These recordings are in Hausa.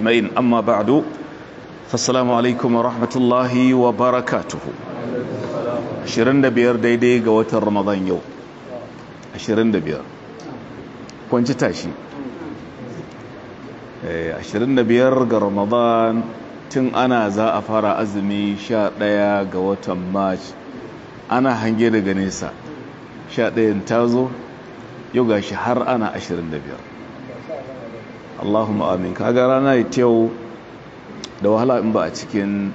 Amma baadu ta salamu alaikum wa rahmatullahi wa barakatuhu. Ashirin daidai ga watan Ramadhan yau, ashirin da biyar. Wancan ta shi, ga Ramadhan tun ana za a fara azumi sha ga watan Mac ana hange daga nesa, sha ɗaya ta zo yau gashi har ana ashirin Allahumma amin kaga rana ya yau da wahala in ba a cikin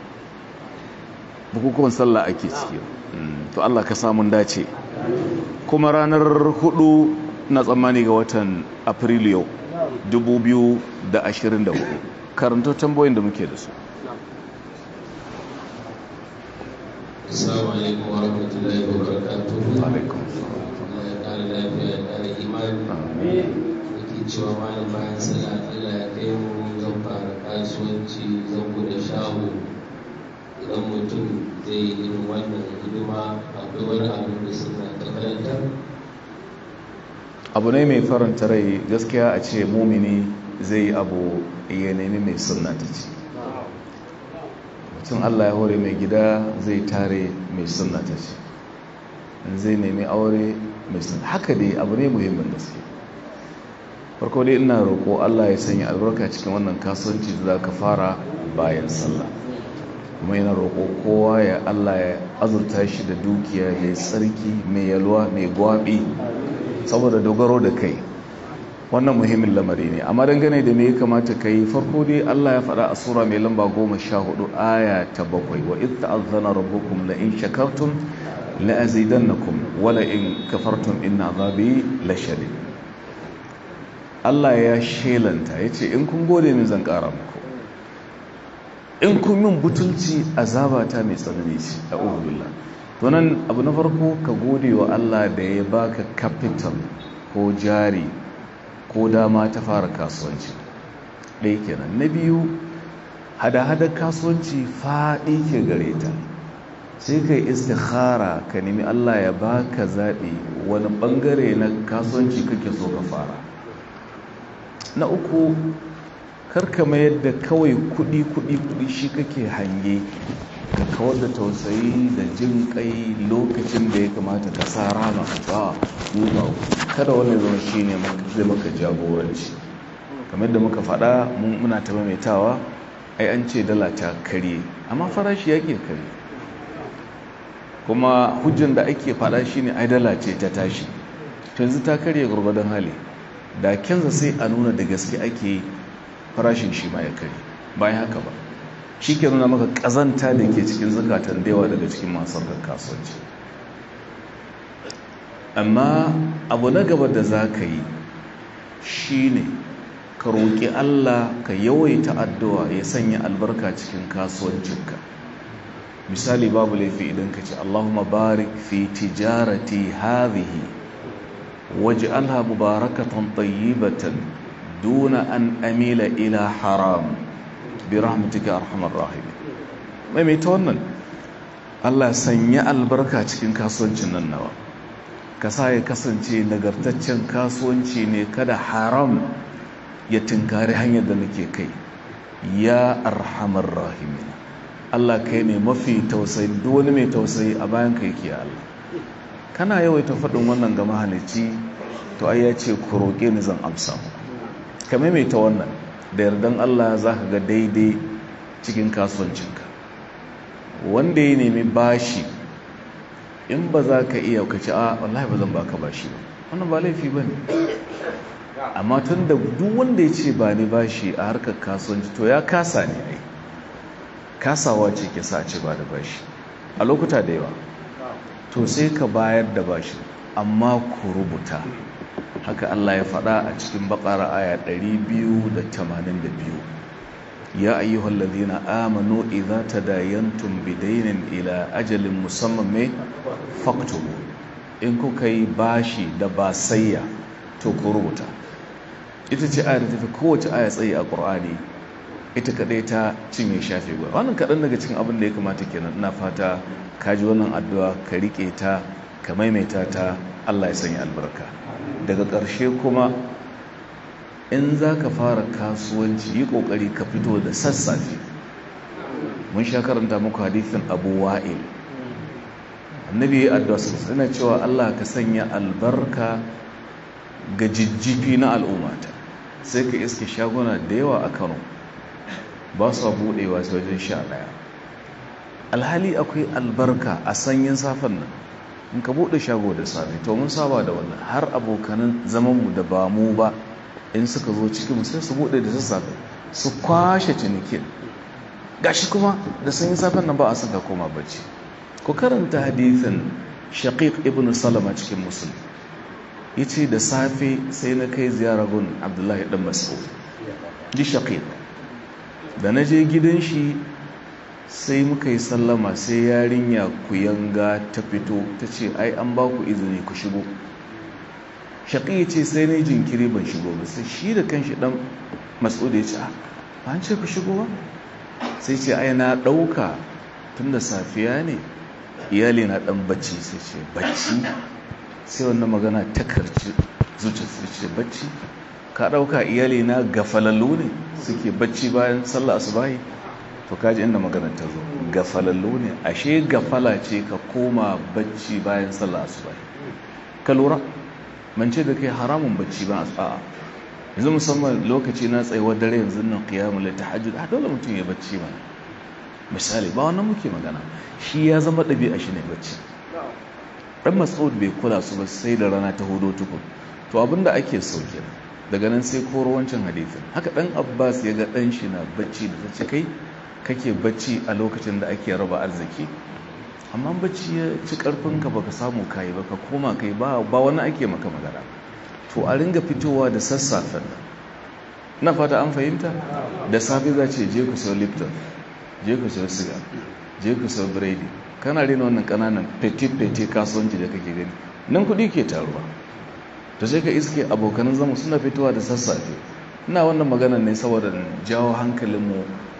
bukukuwan sallah ake ciki mm, to Allah ka samun dace kuma ranar hudu na tsammani ga watan april yau 2024 karanto tambayoyin da muke da su Assalamu alaikum wa rahmatullahi wa barakatuhu. Wa alaikum assalam. Allah ya kare lafiya ya kare imani. Amin. cewa malam bayan sallah Allah ya kai mu zan fara kasuwanci zan bude shago idan mutum zai yi irin wannan hidima akwai wani abin da suna ta abu ne mai faranta rai gaskiya a ce mumini zai yi abu ya nemi mai suna ta ce mutum allah ya hore mai gida zai tare mai suna ta ce zai nemi aure mai suna haka dai abu ne muhimmin gaske farko dai ina roƙo Allah ya sanya albarka cikin wannan kasuwanci da ka fara bayan sallah kuma yana roƙo kowa ya Allah ya azurta shi da dukiya mai tsarki mai yalwa mai gwabi saboda dogaro da kai wannan muhimmin lamari ne amma dangane da me ya kamata ka yi farko dai Allah ya faɗa a sura mai lamba goma sha hudu aya ta bakwai wa id ta'azzana rabbukum la in shakartum la azidannakum wa la in kafartum inna azabi la shadid Allah ya shelanta ya ce in kun gode min zan ƙara muku in kun min butulci azabata mai tsanani ce a ubillah to nan abu na farko ka gode wa Allah da ya baka capital ko jari ko dama ta fara kasuwanci ɗaya kenan na biyu hada-hada kasuwanci faɗi ke gare ta sai ka yi istikhara ka nemi Allah ya baka zaɓi wani ɓangare na kasuwanci kake so ka fara na uku karka mayar da kawai kudi kudi kudi shi kake hange ka kawar da tausayi da jin kai lokacin da ya kamata ka sa rana ba duba kada wani zama shi ne zai maka jagoranci kamar da muka faɗa muna ta maimaitawa ai an ce dala ta karye amma farashi ya ke karye kuma hujjan da ake faɗa shi ne ai dala ce ta tashi yanzu ta karye gurbadan hali da kyanza sai a nuna da gaske ake farashin shi ma ya kare bayan haka ba shi ke nuna maka ƙazanta da ke cikin zukatan da yawa daga cikin masu kasuwanci amma abu na gaba da za ka yi shi ne ka roƙi allah ka yawaita addu'a ya sanya albarka cikin kasuwancinka misali babu laifi idan ka ce allahumma barik fi tijarati hadhihi واجعلها مباركة طيبة دون أن أميل إلى حرام برحمتك أرحم الراحمين mai mai ta wannan Allah sanya albarka cikin kasuwancin nan nawa ka sa ya kasance nagartaccen kasuwanci ne kada haram ya tinkari hanyar da nake kai ya arhamar rahimin Allah kai ne mafi tausayi duk wani mai tausayi a bayan kai ke Allah kana yawaita faɗin wannan ga mahalici to ai ya ce ku roƙe ni zan amsa muku ka maimaita wannan da yardan Allah za ka ga daidai cikin kasuwancinka wanda ya nemi bashi in ba za ka iya ka ce a wallahi ba zan baka bashi ba wannan ba laifi ba ne amma tun da duk wanda ya ce ba ni bashi a harkar kasuwanci to ya kasa ne ai kasawa ce ke sa ce ba da bashi a lokuta da yawa to sai ka bayar da bashi amma ku rubuta haka Allah ya faɗa a cikin baƙara aya 282 ya ayyuhal ladhina amanu idza tadayantum bidaynin ila ajalin musamman mai faktubu in kuka yi bashi da sayya to ku rubuta ita ce aya da tafi kowace aya tsaye a ƙur'ani ita kaɗai ta cinye shafi. guda wannan kaɗan daga cikin abin da ya kamata kenan ina fata ka ji wannan addu'a ka riƙe ta ka maimaita ta Allah ya sanya albarka daga ƙarshe kuma in za ka fara kasuwanci yi ƙoƙari ka fito da sassafe mun sha karanta muku hadithin abu wa'il annabi ya addu'a suna cewa Allah ka sanya albarka ga jijjifi na al'ummata sai ka iske shaguna da yawa a Kano ba su buɗewa sai wajen sha ɗaya alhali akwai albarka a sanyin safen nan in ka buɗe shago da safe to mun saba da wannan har abokanan mu da ba mu ba in suka zo cikinmu sai su buɗe da sassafe su kwashe cinikin gashi kuma da sun yi safen nan ba a saka koma bacci ku karanta hadithin shaqiq ibn salama cikin musulmi yace da safe sai na kai ziyara gun abdullahi dan mas'ud di shaqiq da na je gidan shi sai muka yi sallama sai yarinya ku yanga ta fito ta ce ai an ba ku izini ku shigo shaƙi ce sai ne jinkiri ban shigo ba sai shi da kanshi dan da ya ce ah, ba an ce ku shigo ba sai ce ai na ɗauka tun da safiya ne iyali na ɗan bacci sai ce bacci sai wannan magana ta karci zuciya sai ce bacci ka ɗauka iyali na gafalallu ne suke bacci bayan sallah asubahi to inda magana ta zo gafalallo ne ashe gafala ce ka koma bacci bayan sallah asuba ka lura mance da kai haramun bacci ba a'a yanzu musamman lokaci na wadda dare yanzu nan qiyamul layl hajji da dole mutum ya bacci ba misali ba wannan muke magana shi ya zama ɗabi'a shi ne bacci dan mas'ud bai kula su ba sai da rana ta hudu tukun to abinda ake sauke. daga nan sai koro wancan hadisin haka ɗan abbas ya ga ɗan shi na bacci da ta kai kake bacci a lokacin da ake raba arziki amma bacci ya ci karfinka baka samu kayi ba ka koma kai ba wani ake maka magana to a ringa fitowa da sassafen na fata an fahimta da safe za ce je ku sau lipton je ku sau siga je ku sau biredi kana rena wannan kananan fete-fete kasuwanci da kake gani nan kuɗi ke taruwa Ta sai ka iske abokanan zama suna fitowa da sassafe ina wannan maganar ne saboda jawo hankalinmu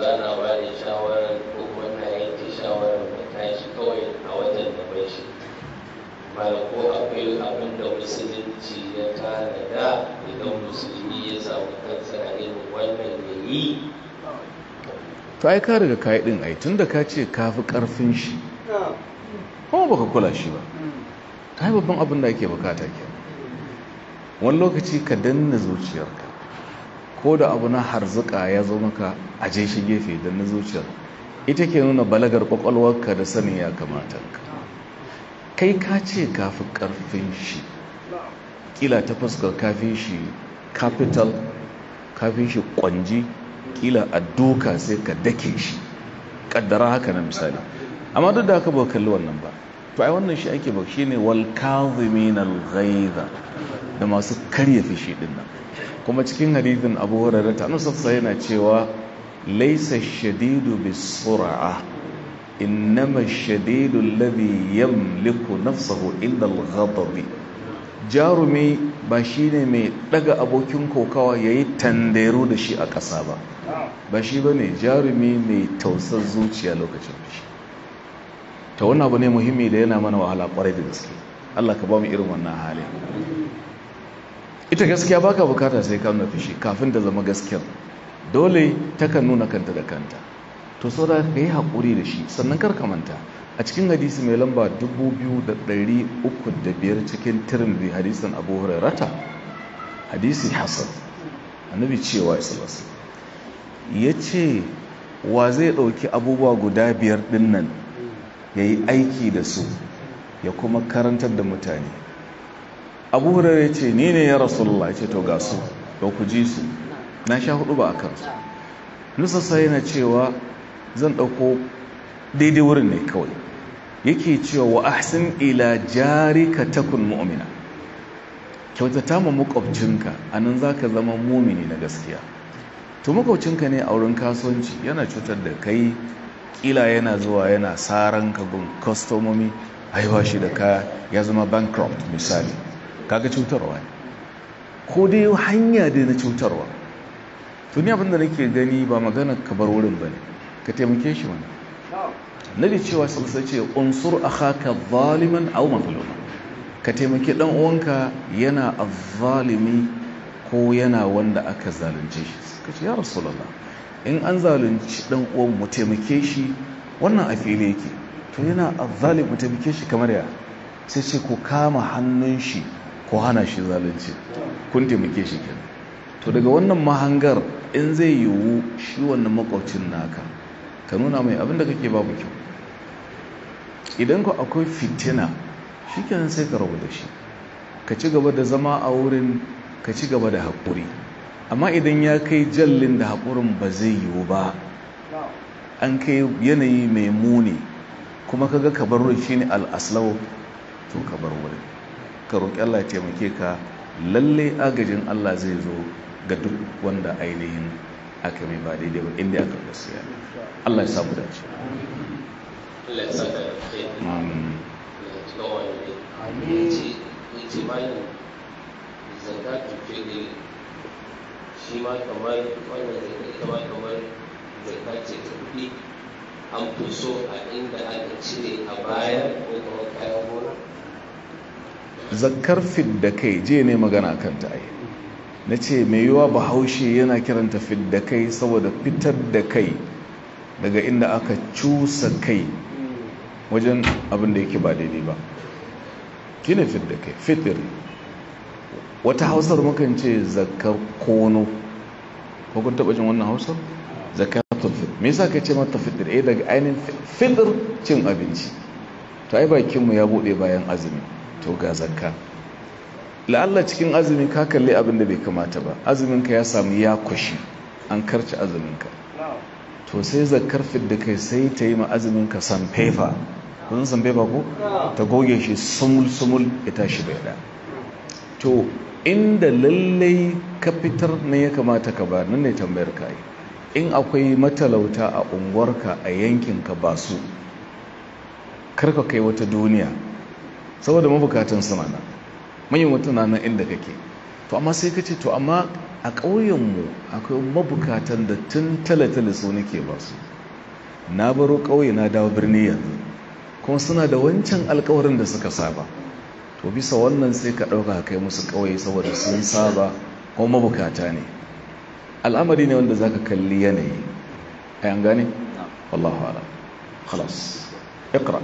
za na ba da shawarar ko kuma na yanke shawarar mai tashi kawai a watan da bai shi mara ko akwai abin da musulunci ya da idan musulmi ya samu kansa a irin wannan yayi to ai ka riga kayi din ai tunda ka ce ka fi karfin shi kuma baka kula shi ba Ta kai babban abin da ake bukata ke wani lokaci ka danna zuciyarka ko da abu na harzuka ya zo maka aje shi gefe da na zuciyar ita ke nuna balagar kwakwalwarka da sanin ya kamata kai ka ce kafi karfin shi kila ta fuskar kafin shi capital kafin shi kwanji kila a doka sai ka dake shi kaddara haka na misali amma duk da haka ba kalli wannan ba to ai wannan shi ake ba shine wal kazimin al da masu karya fishi din nan kuma cikin hadithin abu hurairah ta nusafsa yana cewa laisa shadidu bisur'a innama shadidu alladhi yamliku nafsahu illa al-ghadab jarumi ba shine mai daga abokin kokawa yayi tandero da shi a ƙasa ba ba shi bane jarumi mai tausar zuciya lokacin shi ta wannan abu ne muhimmi da yana mana wahala kwarai da gaske Allah ka ba mu irin wannan hali ita gaskiya baka bukata sai ka nuna fushi kafin da zama gaskiyar dole ta kan nuna kanta da kanta to sau da ka yi haƙuri da shi sannan kar ka manta a cikin hadisi mai lamba 2305 cikin tirmidhi hadisin abu hurairata hadisi hasan annabi cewa isalasa ya ce wa zai ɗauki abubuwa guda biyar ɗinnan ya yi aiki da su ya kuma karantar da mutane abu hurare ce ni ne ya rasulullah ce to ga su ba ku ji su na sha hudu ba a kansu sai na cewa zan dauko daidai wurin ne kawai yake cewa wa ahsin ila jarika takun mu'mina kyautata ma makwabcinka anan zaka zama mumini na gaskiya to makwabcinka ne a wurin kasuwanci yana cutar da kai kila yana zuwa yana saran ka gun kwastomomi haihuwa shi da kaya ya zama bankrupt misali kaga cutarwa ne ko dai hanya dai na cutarwa tuni abin da nake gani ba magana ka bar wurin ba ne ka taimake shi wani nabi cewa salsa ce unsur akhaka zaliman aw mazluma ka taimake dan uwanka yana azzalimi ko yana wanda aka zalunce shi kace ya rasulullah in an zalunci dan uwan mu taimake shi wannan a fili yake to yana azzalim mu taimake shi kamar ya sai ce ku kama hannun shi ko hana shi zalunci kun taimake shi kenan to daga wannan mahangar in zai yiwu shi wannan makwacin naka ka nuna mai abin da kake babu kyau idan ku akwai fitina shi kenan sai ka rabu da shi ka ci gaba da zama a wurin ka ci gaba da haƙuri amma idan ya kai jallin da haƙurin ba zai yiwu ba an kai yanayi mai muni kuma kaga kabar shi ne al to kabar wurin ka roƙi Allah ya taimake ka lalle agajin Allah zai zo ga duk wanda ainihin aka mai ba daidai ba inda aka gaskiya Allah ya samu dace Allah ya saka kai amin ce malam zanga cuce ne shi ma kamar wannan zanga ita ma kamar zanga ce ta kuɗi an fi so a inda aka cire a baya ko kuma kayan gona zakar fidda kai je ne magana kanta ai na ce mai yiwa bahaushe yana kiranta fidda kai saboda fitar da kai daga inda aka cusa kai wajen abin da yake ba daidai ba kine fidda kai fitir wata hausar mukan ce zakar kono ko kun taba jin wannan hausar zakar fitir me yasa ka ce mata fitir eh daga ainihin fitir cin abinci ta yi bakinmu ya bude bayan azumi to ga zakka la'alla cikin azumi ka kalli abin da bai kamata ba azuminka ya samu ya kwashi an karci azuminka to sai zakkar fidda kai sai ta yi ma azuminka sanfefa kun sanfefa ko ta goge shi sumul-sumul ya tashi bai da to inda lallai ka fitar na ya kamata ka ba nan ne tambayar ka yi in akwai matalauta a unguwarka a yankinka ba su karka kai wata duniya saboda mabukatan suna na manyan mutum na nan inda kake to amma sai kace to amma a ƙauyenmu akwai mabukatan da tun talatala su nake ba su na baro ƙauye na dawo birni yanzu kuma suna da wancan alkawarin da suka saba to bisa wannan sai ka ɗauka kai musu ƙauye saboda sun saba kuma mabukata ne al'amari ne wanda za ka kalli yanayi yan gane wallahu ala khalas, Iqra.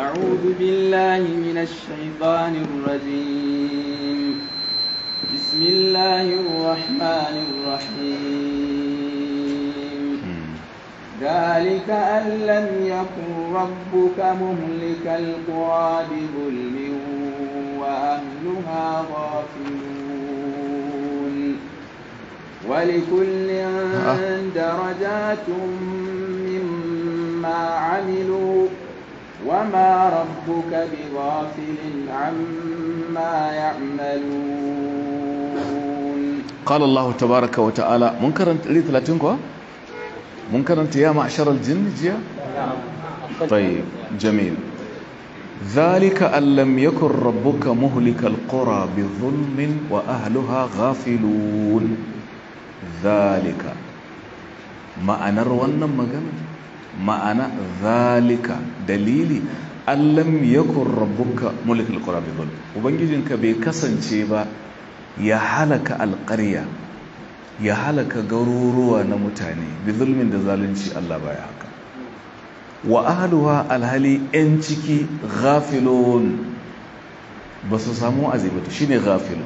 أعوذ بالله من الشيطان الرجيم بسم الله الرحمن الرحيم ذلك أن لم يكن ربك مهلك القرى بظلم وأهلها غافلون ولكل آه. درجات مما عملوا وما ربك بغافل عما يعملون قال الله تبارك وتعالى منكرا لي 30 كو انت يا معشر الجن جيا طيب جميل ذلك أن لم يكن ربك مهلك القرى بظلم وأهلها غافلون ذلك ما أنا روانا مجمد ma'ana zalika dalili allam yakun rabbuka mulkul qura bi dhulm ubangijinka bai kasance ba ya halaka alqarya ya halaka garuruwa na mutane bi zulmin da zalunci Allah baya haka wa ahluha alhali yan ciki ghafilun ba su samu azibatu shine ghafil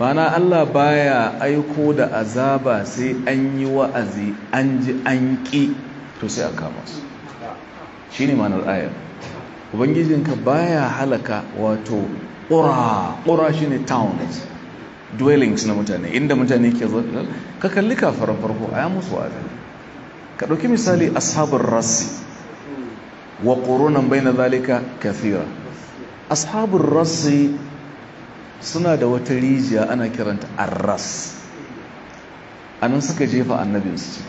mana Allah baya aiko da azaba sai an yi wa'azi an ji an ƙi to sai a kama su shi ne manar ayar ubangijinka baya halaka wato ƙura ƙura shi ne town dwellings na mutane inda mutane ke zo ka kalli kafaran farko a musu wa'azi ka ɗauki misali ashabin rassi wa ƙoronan bai na zalika kathira ashabin rassi suna da wata rijiya ana kiranta arras a nan suka jefa annabinsu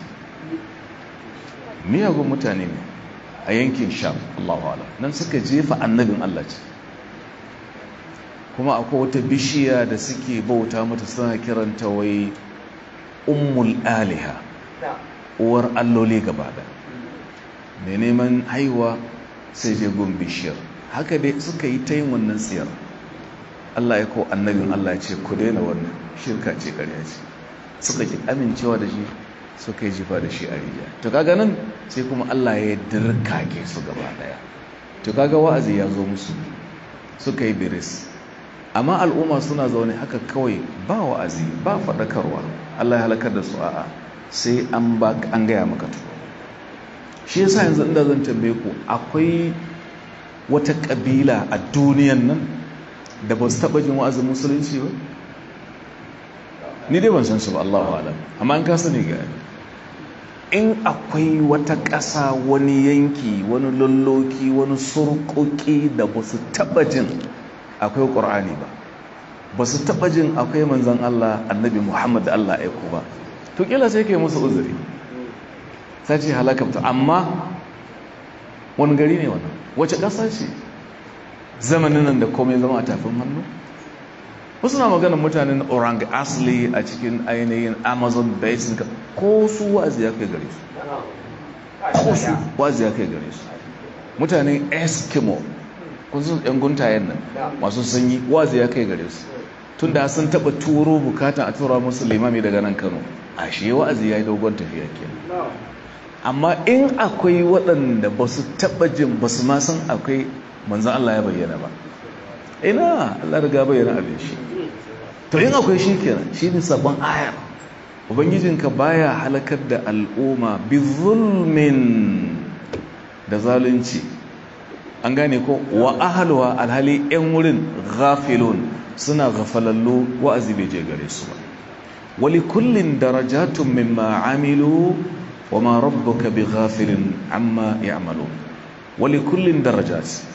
miyagun mutane ne a yankin sham Allahu ala nan suka jefa annabin Allah ce kuma akwai wata bishiya da suke bauta mata suna kiranta wai umul aliha uwar alloli gaba da ne neman haihuwa sai je gun bishiyar haka dai suka yi ta yin wannan siyar Allah ya ko annabin Allah ce ku daina wannan shirka ce ƙarya ce suka ki amincewa da shi suka yi jifa da shi a rijiya to kaga nan sai kuma Allah ya dirka ke su gaba daya to kaga wa'azi ya zo musu suka yi biris amma al'umma suna zaune haka kawai ba wa'azi ba faɗakarwa Allah ya halakar da su a'a sai an ba an gaya maka to shi yasa yanzu inda zan tambaye ku akwai wata kabila a duniyan nan da ba su taɓa jin wa'azin musulunci ba ni dai ban san su ba Allahu alam amma an kasa sani ga in akwai wata ƙasa wani yanki wani lalloki wani surkoki da ba su taɓa jin akwai ƙur'ani ba ba su taɓa jin akwai manzan Allah annabi Muhammad Allah aiko ba to ƙila sai kai musu uzuri sai ce halakabta amma wani gari ne wannan wace ƙasa ce zamanin nan da komai zama a tafin hannu wasu na maganin mutanen orang asli a cikin ainihin amazon basin ko su wazi ya kai gare su ko su wazi ya kai gare su mutanen eskimo kun sun yan guntayen nan masu sanyi wazi ya kai gare su tun da sun taba turo bukatan a tura musu limami daga nan kano a shi wazi ya yi dogon tafiya ke amma in akwai waɗanda ba su taba jin ba su ma san akwai manzan allah ya bayyana ba ina allah riga bayyana abin shi to yin akwai shi kenan shi ne sabon ayar ubangijinka baya halakar da al'umma bi zulmin da zalunci an gane ko wa ahalwa alhali yan wurin ghafilun suna ghafalallu wa'azi bai je gare su ba wali kullin darajatun mimma amilu wa ma rabbuka bi ghafilin amma ya'malu wali kullin darajat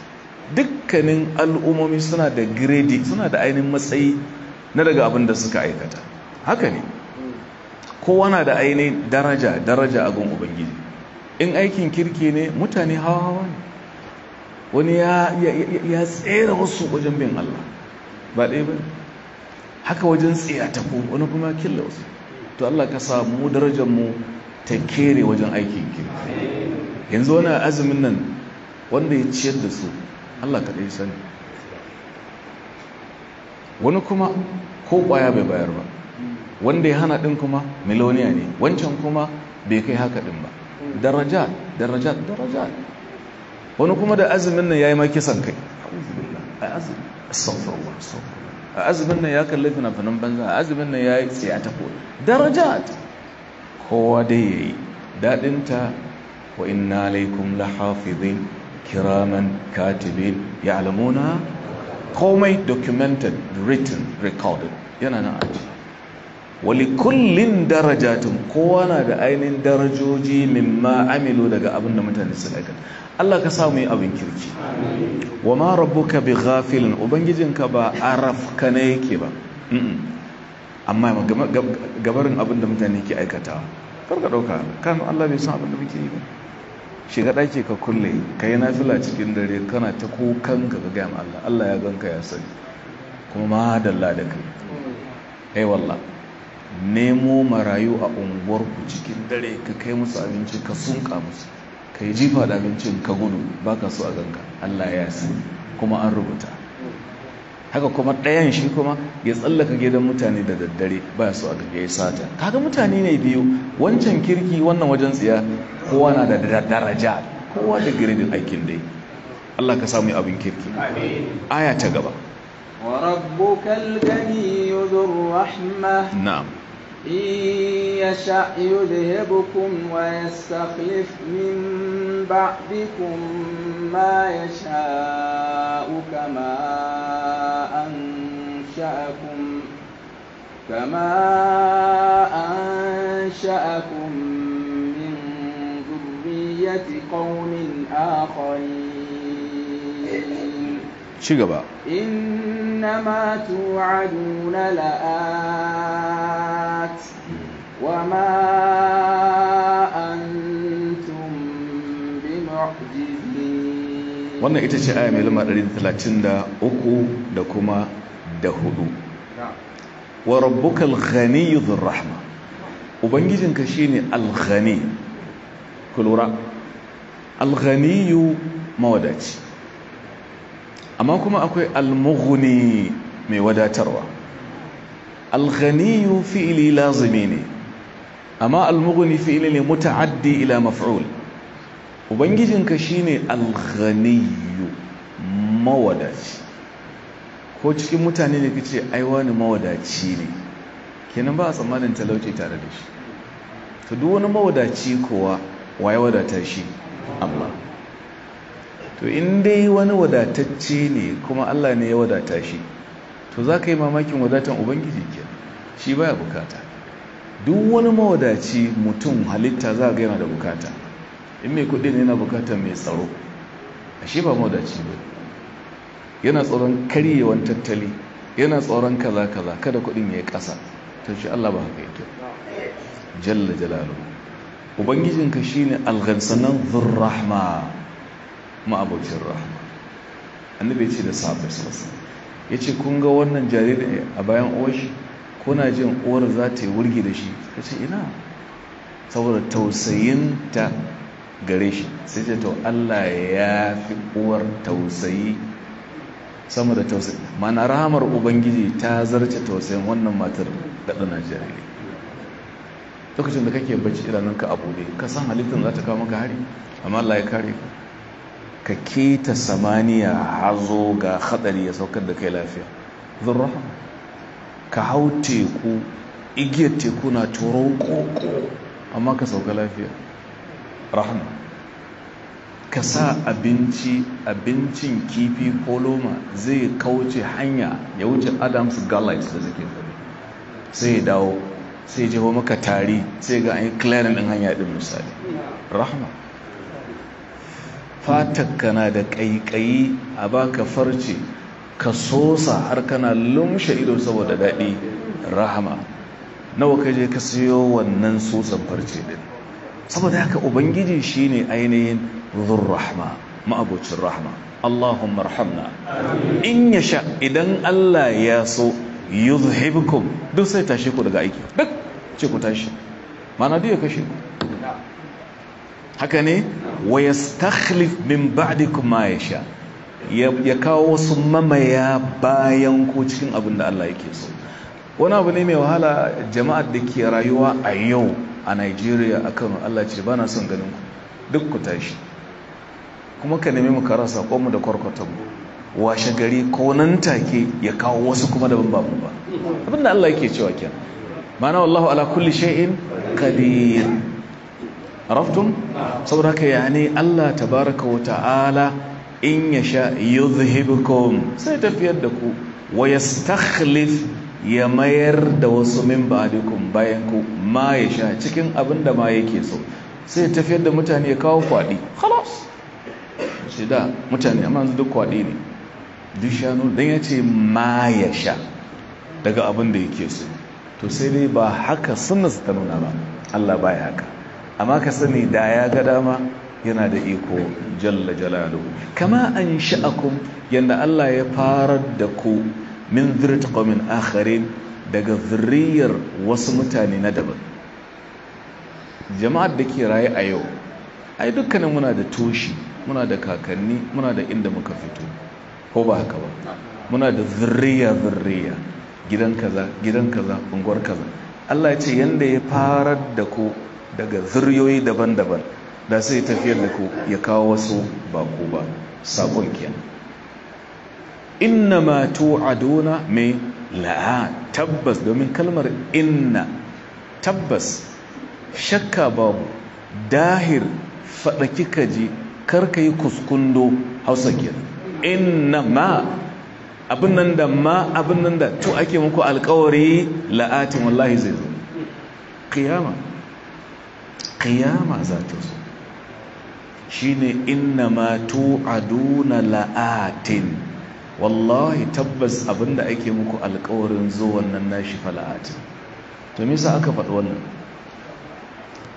dukkanin al'ummomi suna da giredi suna da ainihin matsayi na daga abin da suka aikata haka ne kowa na da ainihin daraja daraja a gun ubangiji in aikin kirki ne mutane hawa-hawa ne wani ya tsere wasu wajen bin Allah ba ɗaya ba haka wajen tsira ta ko wani kuma killa wasu to Allah ka samu darajar mu ta kere wajen aikin kirki yanzu wani azumin nan wanda ya ciyar da su Allah ka ɗai sani wani kuma ko kwaya bai bayar ba wanda ya hana din kuma miloniya ne wancan kuma bai kai haka din ba daraja daraja daraja wani kuma da azumin nan yayi ma kisan kai a azumin nan ya kalli fina-finan banza a azumin nan ya yi tsaye ta koyi daraja kowa dai ya yi daɗinta wa inna alaikum lahafizin kiraman katibin ya alamuna komai documented written recorded yana na aji wali kullin darajatun kowa na da ainihin darajoji mimma amilo daga abin da mutane sun aikata Allah ka samu yi abin kirki wa ma ka bi ubangijin ubangijinka ba araf ka na yake ba amma gabarin abin da mutane ke aikata kar ka dauka kanu Allah bai san abin da muke yi ba shiga ɗaki ka kulle ka yi nafila cikin dare kana ta kukan ka ga gam Allah Allah ya ganka ya sani kuma ma dalla da kai ai eh walla nemo marayu a unguwar ku cikin dare ka kai musu abinci ka sunka musu ka yi jifa da abincin ka gudu ba ka so a ganka Allah ya sani kuma an rubuta haka kuma ɗayan shi kuma ya tsallaka gidan mutane da daddare ba su a gaggaya sata kaga mutane ne biyu wancan kirki wannan wajen tsiya kowa na da daraja kowa da girbin aikin dai Allah ka samu abin kirki aya ta gaba wa rabbukal gani yuzur rahma na'am yasha yudhibukum wa yastakhlif min ba'dikum ma yasha'u kama ansha'akum kama ansha'akum رؤية قوم آخرين شغبا إنما توعدون لآت وما أنتم بمعجزين wannan ita ce aya mai lamba 133 da kuma da hudu wa rabbukal ghaniyyu dhur rahma ubangijinka shine al-ghani kulura alghaniyu mawadaci amma kuma akwai almughni mai wadatarwa alghaniyu fi'ili lazimi ne amma almughni fi'ili ne muta'addi ila maf'ul ubangijinka shine alghaniyu mawadaci ko cikin mutane ne kace ai wani mawadaci ne kenan ba a tsammanin talauci tare da shi to duk wani mawadaci kowa waye wadata shi amma to in dai wani wadatacce ne kuma Allah ne ya wadata shi to za ka yi mamakin wadatan ubangiji ke shi baya bukata duk wani mawadaci mutum halitta za ga yana da bukata in mai kudi ne yana bukata mai tsaro a shi ba mawadaci ba yana tsoron karyewan tattali yana tsoron kaza kaza kada kudin ya yi ƙasa to shi Allah ba haka yake jalla jalaluhu ubangijinka shine alghansanan dhurrahma ma'abocin rahma annabi ya ce da sahabbai sallallahu ya ce kun ga wannan jaririn a bayan uwashi kuna jin uwar za ta yi wurgi da shi ka ce ina saboda tausayinta gare shi sai ce to Allah ya fi uwar tausayi sama da tausayi mana rahamar ubangiji ta zarce tausayin wannan matar da ɗana lokacin da kake bacci idanunka a bude ka san halittar za ta kawo maka hari amma Allah ya kare ka keta samaniya hazo ga hadari ya saukar da kai lafiya Zan zurraha ka hau teku igiyar teku na turo koko amma ka sauka lafiya rahama ka sa abinci abincin kifi ko loma zai kauce hanya ya wuce adams gallites da suke sai ya dawo sai jawo maka tari sai ga an yi clearing ɗin hanya ɗin misali rahama fatakka na da ƙaiƙayi a baka farce ka sosa har kana lumshe ido saboda daɗi rahama nawa ka je ka siyo wannan sosan farce din? saboda haka ubangiji shine ainihin rahama, ma'abocin rahama allahumma rahamna in ya sha idan allah ya so yuzhibukum duk sai tashi ku daga aiki duk ce ku tashi mana duk ya kashe ku haka ne wa yastakhlif min ba'dikum ma yasha ya kawo wasu mamaya bayan ku cikin abin da Allah yake so wani abu ne mai wahala jama'ar da ke rayuwa a yau a Najeriya akan Allah ce bana son ganin ku duk ku tashi kuma ka nemi mu karasa mu da kwarkwatan mu washe gari ko nan take ya kawo wasu kuma daban babu ba abin da Allah yake cewa kenan ma'ana wallahu ala kulli shay'in qadir araftum saboda haka yani Allah tabaaraka wa ta'ala in yasha yuzhibukum sai tafiyar da ku wa yastakhlif ya mayar da wasu min ba'dikum bayan ku ma yasha cikin abinda da ma yake so sai tafiyar da mutane ya kawo kwadi khalas shi mutane amma duk kwadi ne duk shanu don ya ce ma ya sha daga abin da yake so to sai dai ba haka sunna ta nuna ba Allah baya haka amma ka sani da ya ga dama yana da iko jalla jalalu kama an sha'akum yanda Allah ya farar da ku min dhurriyyat qaumin akharin daga zurriyar wasu mutane na daban jama'ar da ke raye a yau ai dukkanin muna da toshi muna da kakanni muna da inda muka fito ko ba haka ba muna da zurriya zurriya gidan kaza gidan kaza unguwar kaza Allah ya ce yanda ya fara da ku daga ziryoyi daban-daban da sai tafiyar da ku ya kawo wasu ba ku ba sabon kenan inna ma tu'aduna me la'a tabbas domin kalmar inna tabbas shakka babu dahir faɗa kika ji karka yi kuskundo hausa kenan inna ma abin nan da ma abin nan da to ake muku alkawari la'atin wallahi zai zo kiyama kiyama za ta zo ne inna ma aduna la'atin wallahi tabbas abin da ake muku alkawarin zo wannan fa la'atin. to misa aka faɗi wannan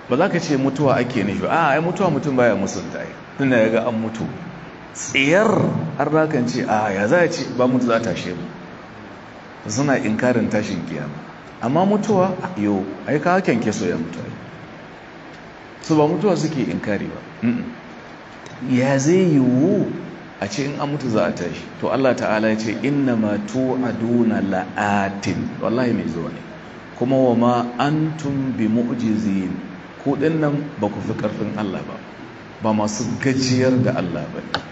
ba za ka ce mutuwa ake nufi a ai mutuwa mutum baya musulta ai tunda yaga an mutu tsiyar har ba kan ce a ah, ya za a ce ba mutu za ta shi suna inkarin tashin kiyama amma mutuwa yau ai ka hakan ke so ya mutu su ba mutuwa suke inkari ba ya zai yiwu a ce in an mutu za a tashi to Allah ta'ala ya ce inna ma duna la'atin wallahi mai zuwa ne kuma wa ma an bi mu'jizin ku nan ba ku fi ƙarfin Allah ba ba masu gajiyar da Allah ba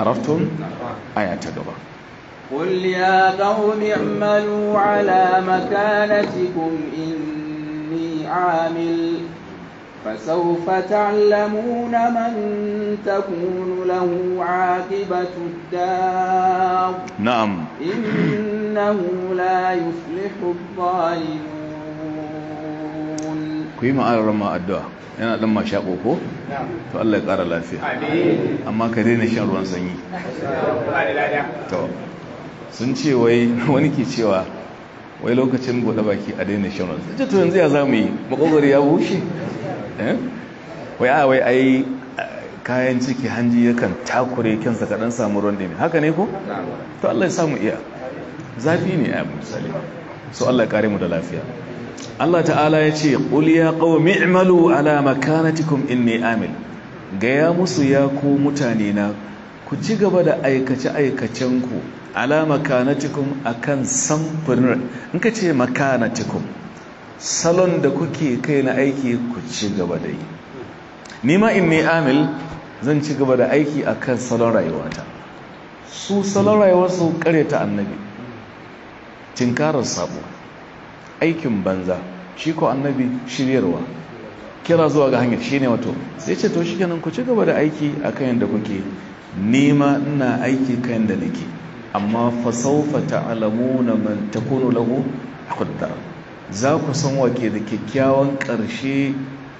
عرفتم آيات قبا قل يا قوم اعملوا على مكانتكم إني عامل فسوف تعلمون من تكون له عاقبة الدار نعم إنه لا يفلح الظالمون ku yi ma'arar rama addu'a yana ɗan masha ƙoƙo? to Allah ya ƙara lafiya amma ka daina shan ruwan sanyi to sun ce wai wani ke cewa wai lokacin buɗe baki a daina shan ruwan sanyi to yanzu ya za mu yi makogwari ya bushe eh? wai a wai ai kayan ciki hanji yakan takure kyansa kaɗan samu ruwan ne, haka ne ko? to Allah ya samu iya zafi ne a misali so Allah ya kare mu da lafiya Allah ta'ala ya ce qul ya qaumi i'malu ala in ne amil gaya musu ya ku mutane na ku ci gaba da aikace aikacenku ku ala a akan samfurin in ka ce makanatikum salon da kuke kai na aiki ku ci gaba da yi nima ne amil zan ci gaba da aiki akan salon rayuwata su salon rayuwarsu ta annabi tinkarar sabuwa aikin banza shi ko annabi shiryarwa kira zuwa ga hanyar shi ne wato sai ce to kenan ku ci gaba da aiki a kan yadda kuke nima ina aiki kan yadda nake amma fa alamu na man takunu lahu qaddar za ku san wake da kyakkyawan karshe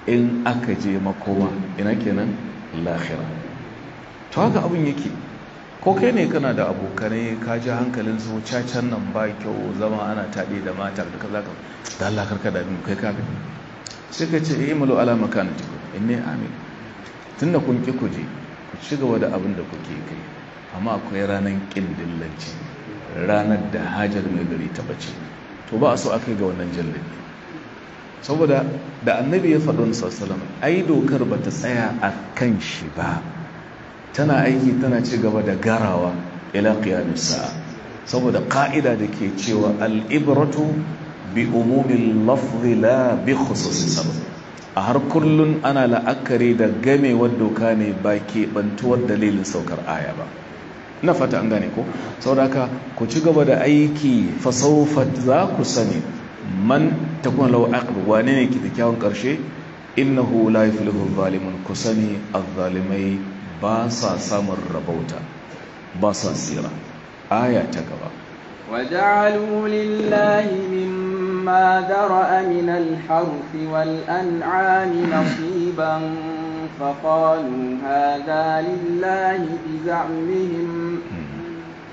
in aka je makoma ina kenan lahira to haka abin yake ko kai ne kana da abokanai ka ji hankalin su cacan nan ba kyau zama ana taɗe da mata da kaza da Allah karka da mu kai kaga sai ka ce eh malu ala makan tiku inni amin tunda kun ki ku je ku ci gaba da abin da kuke kai amma akwai ranar kin dillanci ranar da hajar mai gari ta bace to ba a so akai ga wannan jallabi saboda da annabi ya faɗo sallallahu alaihi wasallam ai dokar bata tsaya akan shi ba tana aiki tana ci gaba da garawa ila qiyamis sa'a saboda ka'ida da ke cewa al-ibratu bi umumin lafzi la bi khususi a har kullun ana la'akari da gamewar doka ne ba bantuwar dalilin saukar aya ba na fata an gane ko saboda ku ci gaba da aiki fasaufa za ku sani man takun law aqib wane ne ki da kyawun karshe innahu la yuflihu zalimun ku sani az-zalimai ba sa samun rabauta ba sa tsira aya ta gaba وجعلوا لله مما ذرأ من الحرث والأنعام نصيبا فقالوا هذا لله بزعمهم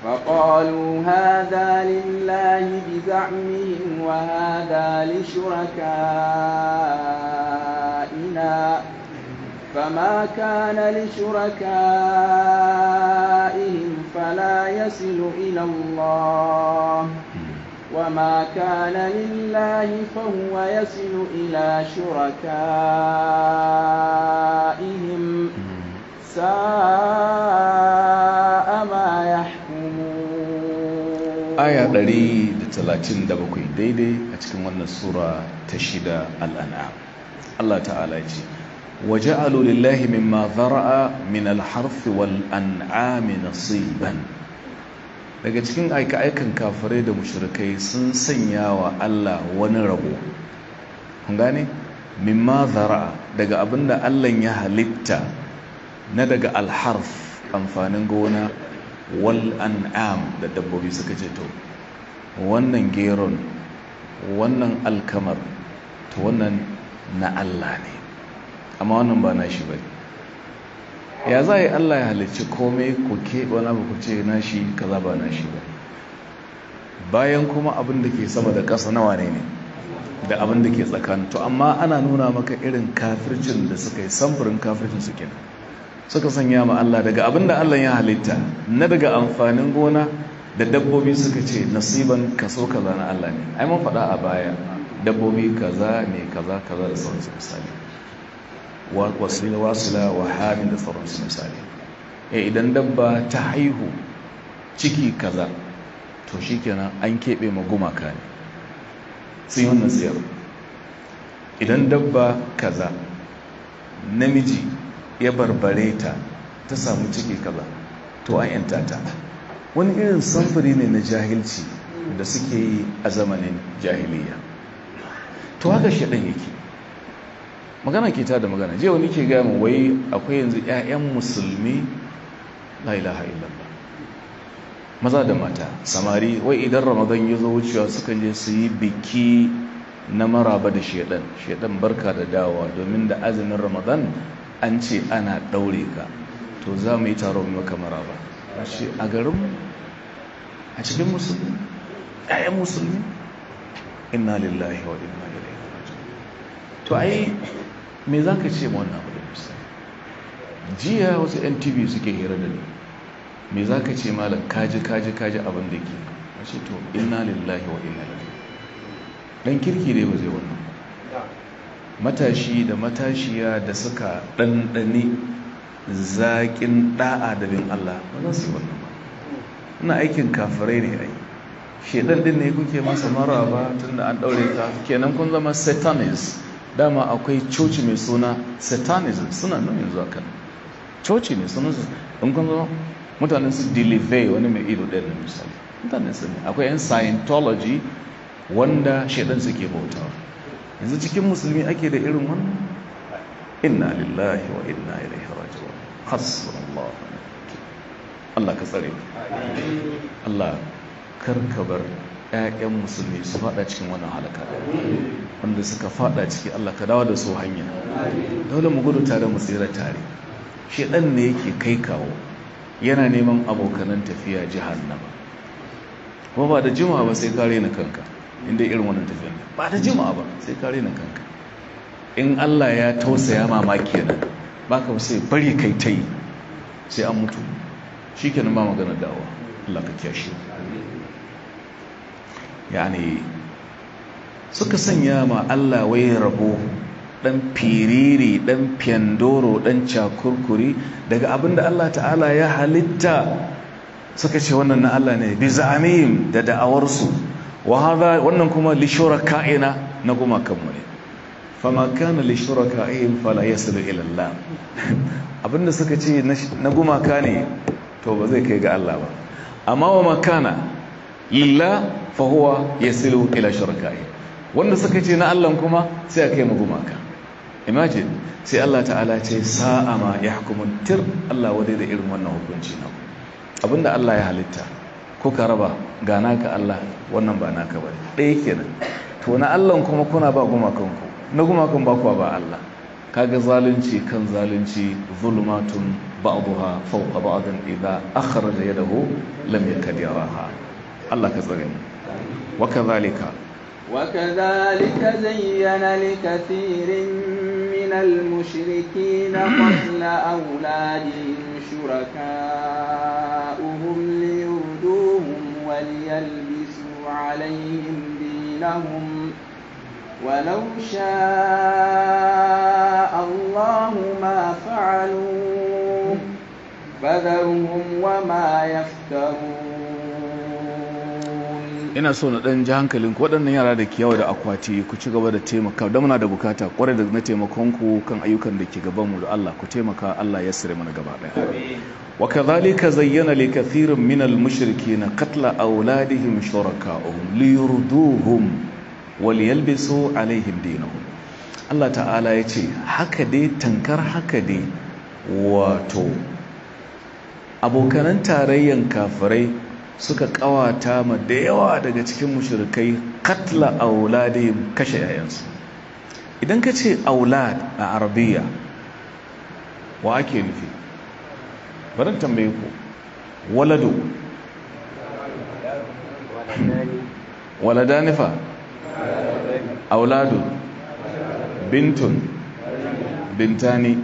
فقالوا هذا لله بزعمهم وهذا لشركائنا فما كان لشركائهم فلا يصل إلى الله وما كان لله فهو يصل إلى شركائهم ساء ما يحكمون آية 137 تلاتين a cikin أتكلم sura ta shida الأنعام الله تعالى يجيب وجعلوا لله مما ذرأ من الحرث والأنعام نصيبا daga cikin aika-aikan kafirai da mushrikai sun sanya wa Allah wani rabo kun gane mimma zara'a daga abinda Allah ya halitta na daga alharf amfanin gona wal an'am da dabbobi suka ce to wannan geron wannan alkamar to wannan na Allah ne amma wannan ba na shi ba ya za a yi allah ya halicci komai ku keɓe wani abu ku ce na shi kaza ba na ba bayan kuma abin da ke sama da ƙasa nawa ne ne da abin da ke tsakanin to amma ana nuna maka irin kafircin da suka yi samfurin kafircin suke suka sanya ma Allah daga abin da Allah ya halitta na daga amfanin gona da dabbobi suka ce nasiban kaso kaza na Allah ne ai mun faɗa a baya dabbobi kaza ne kaza kaza da sauransu misali wasila wasila wa hamin da sauransu misali eh, idan dabba ta haihu ciki kaza to shi kenan an keɓe ma gumaka ne sun yi wannan tsayar idan dabba kaza namiji ya barbare ta ta samu ciki kaza to an yanta ta wani irin samfuri ne na jahilci da suke yi a zamanin jahiliya to haka shaɗin yake magana ke ta da magana jiya wani ke gaya wai akwai yanzu 'ya'yan musulmi la ilaha illallah maza da mata samari wai idan ramadan ya zo wucewa sukan je su yi biki na maraba da shaidan shaidan barka da dawa domin da azumin ramadan an ce ana daure ka to za mu yi taron maka maraba a garin a cikin musulmi 'ya'yan musulmi inna lillahi wa inna ilaihi to ai me za ka ce ma wannan abu da musa jiya wasu yan tv suke hira da ni me za ka ce da kaji kaji kaji abin da ke a ce to inna lillahi wa ina lillahi dan kirki ne ba zai wannan matashi da matashiya da suka ɗanɗani zaƙin ɗa'a da bin Allah ba za su wannan ba ina aikin kafirai ne ai shedan din ne kuke masa mara ba tun da an ɗaure ka kenan kun zama satanist dama akwai coci mai suna satanism suna nan yanzu haka coci ne suna in kun zo su delivery wani mai ido ɗaya na misali Mutane su ne akwai yan scientology wanda shaidan ke bautawa yanzu cikin musulmi ake da irin wannan inna lillahi wa inna ilaihi raji'un hasbunallahu Allah ka tsare Allah karkabar ƴaƴan musulmi su faɗa cikin wannan halaka wanda suka fada ciki Allah ka dawo da su hanya dole mu gudu tare mu tsira tare shedan ne yake kai kawo yana neman abokanan tafiya jahannama ko ba da juma'a ba sai kare rena kanka inda irin wannan tafiyar ba da juma'a ba sai kare rena kanka in Allah ya tausaya mamaki kenan baka sai bari kai tai sai an mutu shikenan ba magana dawo Allah ka shi yani suka sanya ma Allah wai rabo dan firiri dan fiyandoro dan cakurkuri daga abinda Allah ta'ala ya halitta suka ce wannan na Allah ne bi za'amim da da'awarsu wa wannan kuma li shuraka'ina na kuma kanmu ne fama kana li shuraka'ihim fala yasilu ila Allah abinda suka ce na gumaka ne to ba zai kai ga Allah ba amma wa makana lillah fa huwa yasilu ila shuraka'in wanda suka ce na Allah kuma sai a kai mu gumaka imagine sai Allah ta'ala ce sa'a ma yahkumun tir Allah wadai da irin wannan hukunci na abinda Allah ya halitta ko ka raba ga naka Allah wannan ba naka bane ɗaya kenan to na Allah kuma kuna ba gumakan ku na gumakan ba kuwa ba Allah kaga zalunci kan zalunci zulmatun ba'daha fawqa ba'din idza akhraja yadahu lam yakdiraha Allah ka tsare mu wa kadhalika وكذلك زين لكثير من المشركين قتل أولادهم شركاؤهم ليردوهم وليلبسوا عليهم دينهم ولو شاء الله ما فعلوه فذرهم وما يفترون ina so na dan ji hankalin ku waɗannan yara da kiyawa da akwati ku ci gaba da taimaka da muna da bukata kwarai da na taimakon ku kan ayyukan da ke gaban mu da Allah ku taimaka Allah ya sire mana gaba daya wa kadhalika zayyana li kathirin min al mushrikeena qatla awladihim shuraka'uhum li yurduhum wa yalbisu alaihim dinahum Allah ta'ala ya ce haka dai tankar haka dai wato abokanan tarayyan kafirai suka kawata ma da yawa daga cikin mashirkai katla auladihim kashe yayansu idan ka ce aulad a arabiya wa ake nufi barin tambaye ku walado walada nufa aulado bintun bintani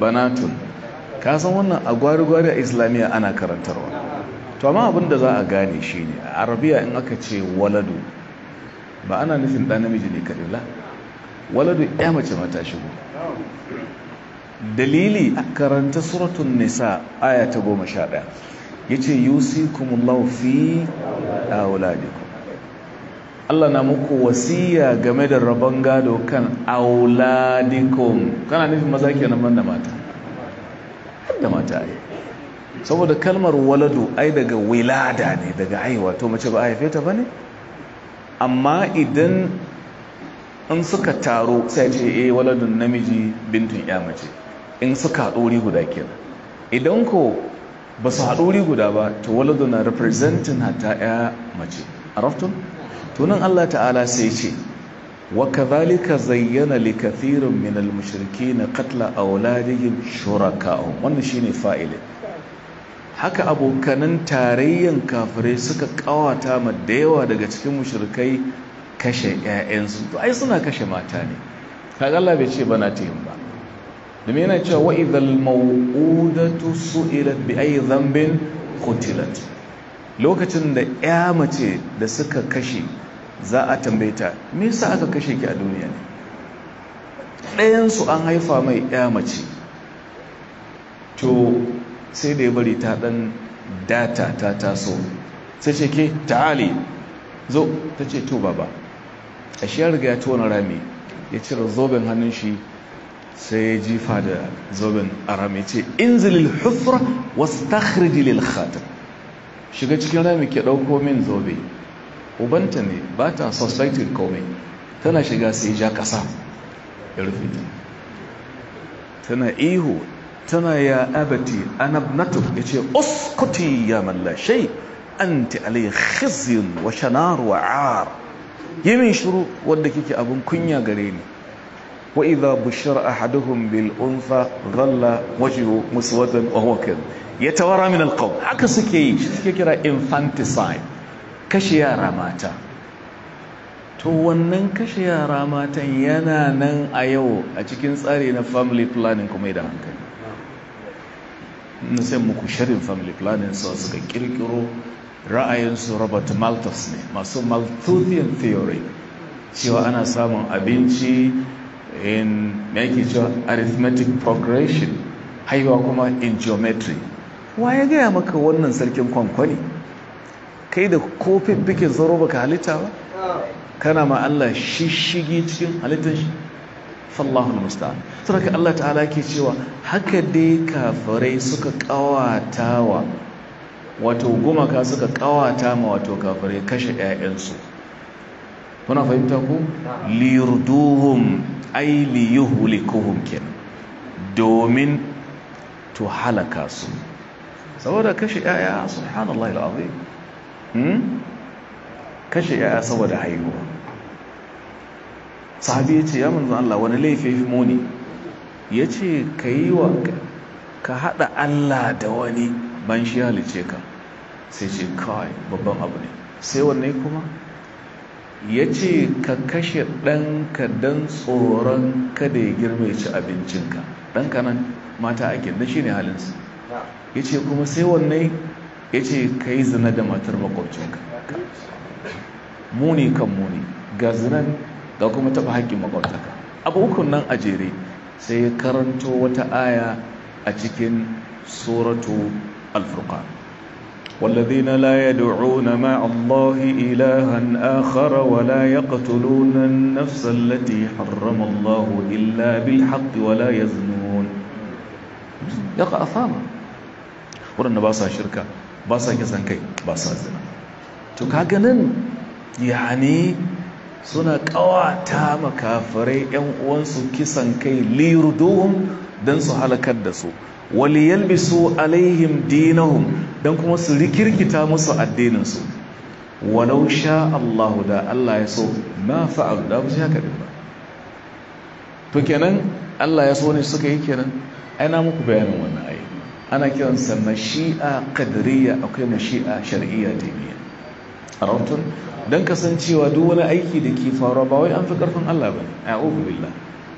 banatun kasan wannan a gwari-gwari a islamiyya ana karantarwa to amma abin da za a gane shi ne a arabiya in aka ce waladu ba ana nufin ɗan namiji ne kaɗai waladu ya mace mata shigo dalili a karanta suratun nisa aya ta goma sha ɗaya ya ce kuma a fi auladikum Allah na muku wasiya game da rabon gado kan auladikum kana nufin maza nan banda mata banda mata ai saboda kalmar waladu ai daga wilada ne daga aiwa to mace ba a haife ta ba amma idan in suka taro sai ce eh waladun namiji bintun ya mace in suka haɗori guda kenan idan ko ba su haɗori guda ba to waladun na representin hata ya mace araftun tunan Allah ta'ala sai ce وكذلك زين لكثير من المشركين قتل أولادهم شركاءهم wannan shine فائلة haka abokanan tarayyan kafirai suka kawata ma da yawa daga cikin mushrikai kashe ƴaƴansu to ai suna kashe mata ne kaga Allah bai ce bana ta yin ba domin yana cewa wa idhal maw'udatu su'ilat bi ayi dhanbin qutilat lokacin da ƴa mace da suka kashe za a tambaye ta me yasa aka kashe ki a duniya ne ɗayan su an haifa mai ƴa mace to sai da ya bari ta dan data ta taso sai ce ke ta'ali zo ta ce to baba a shi ya riga ya tona rami ya cire zoben hannun shi sai ya jifa da zoben a rami ce inzilil hufra wasu takhrijilil khatar shiga cikin rami ke ɗauko min zobe ubanta ne ba ta suspected komai tana shiga sai ja ƙasa ya rufe tana ihu tana ya abati ana ya yace uskuti ya man an shay anti alai khizyun wa shanar wa ar yimin shiru wanda kike abin kunya gare ni wa idha bushira ahaduhum bil untha dhalla wajhu muswadan wa huwa kadhib yatawara min al qawm haka suke yi suke kira infanticide kashe yara mata to wannan kashe yara matan yana nan a yau a cikin tsari na family planning kuma da hankali na sai muku shirin family planning sau suka kirkiro ra'ayinsu robert malthus ne masu malthusian theory cewa ana samun abinci in yake cewa arithmetic progression haihuwa kuma in geometry wa ya gaya maka wannan sarkin kwankwani kai da kofin bikin zaro baka halitta ba ah. kana ma Allah shishigi cikin halittar shi fallahul musta'an saboda Allah ta'ala ke cewa haka dai kafirai suka kawata wa wato gumaka suka kawata ma wato kafirai kashe ƴaƴansu kuna fahimta ku lirduhum ay liyuhlikuhum kin domin to halaka su saboda kashe ƴaƴa subhanallahi alazim hmm kashe ƴaƴa saboda haihuwa sahabi ya ce ya manzo Allah wani laifin fi muni ya ce ka yi wa ka haɗa Allah da wani ban shi halice ka sai ce kawai babban abu ne sai wanne kuma ya ce ka kashe ɗanka don tsoron kada ya girma ci abincinka ɗanka nan mata ake na shi ne halinsu ya ce kuma sai wanne ya ce ka yi zina da matar makwabcinka muni kan muni ga zinan ga kuma taɓa haƙƙin makwabtaka abu uku nan a jere sai ya karanto wata aya a cikin suratu al-furqan والذين لا يدعون مع الله إلها آخر ولا يقتلون النفس التي حرم الله إلا بالحق ولا يزنون يقع أثاما ورن باسا شركة باسا كسان كي باسا زنا تكاغنن يعني suna kawata makafirai yan uwansu kisan kai liruduhum dan su halakar da su wali yalbisu alaihim dinahum dan kuma su rikirkita musu addinin su walau sha Allah da Allah ya so ma fa'al da ba shi haka ba to kenan Allah ya so ne suka yi kenan ai na muku bayanin wannan ayi ana kiransa mashi'a qadariyya akwai mashi'a shar'iyya diniyya a don kasancewa duk wani aiki da ke faruwa ba wai an fi karfin Allah ba a billah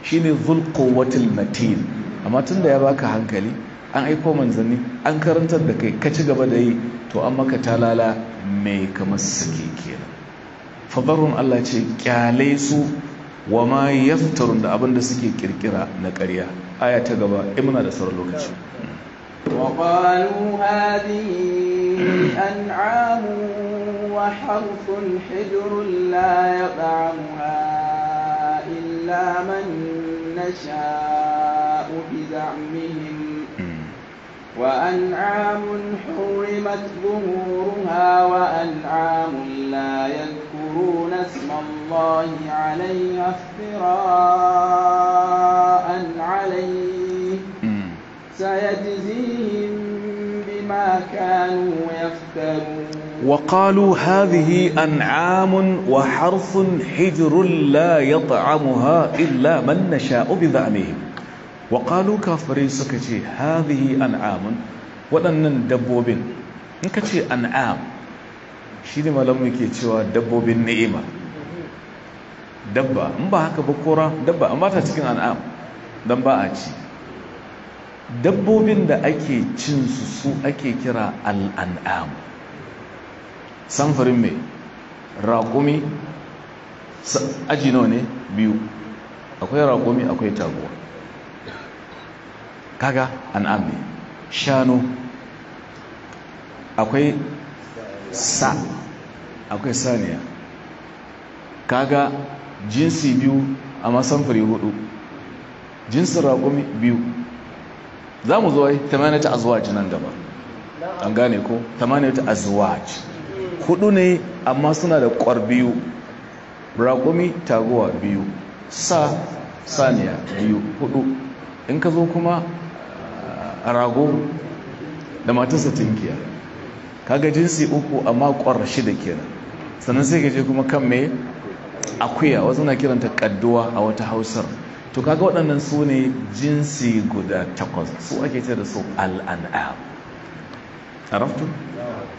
shi ne zulkowatil matin amma tun da ya baka hankali an aiko manzanni an karantar da kai ka ci gaba da yi to an maka talala mai kamar suke kenan fadarun Allah ce kyale su wa ma yaftarun da abin da suke kirkira na karya. aya ta gaba eh, muna da sauran lokaci وقالوا هذه أنعام وحرف حجر لا يطعمها إلا من نشاء بزعمهم وأنعام حرمت ظهورها وأنعام لا يذكرون اسم الله عليها افتراء عليه سيجزيهم بما كانوا يفترون وقالوا هذه أنعام وحرث حجر لا يطعمها إلا من نشاء بذعنهم وقالوا كافرين سكتي هذه أنعام waɗannan dabbobin in ka ce an'am shi ne ke cewa dabbobin ni'ima dabba in ba haka ba kora dabba amma ta cikin an'am don a ci dabbobin da ake cinsu su ake kira al an'am. samfurin mai raƙumi aji nawa ne biyu akwai raƙumi akwai taguwa kaga an ne shanu akwai sa akwai saniya kaga jinsi biyu amma samfuri hudu jinsin raƙumi biyu za mu zuwa 8 azwaj nan gaba an gane ko 8 azwaj hudu ne amma suna da kwar biyu raƙumi taguwa biyu sa saniya biyu hudu in ka zo kuma a rago da matarsa Ka kaga jinsi uku amma kwar shida kenan sannan sai ka je kuma kan mai akuya wasu na kiranta kadduwa a wata hausar to kaga waɗannan su ne jinsi guda takwas su ake ce da su alana arabtu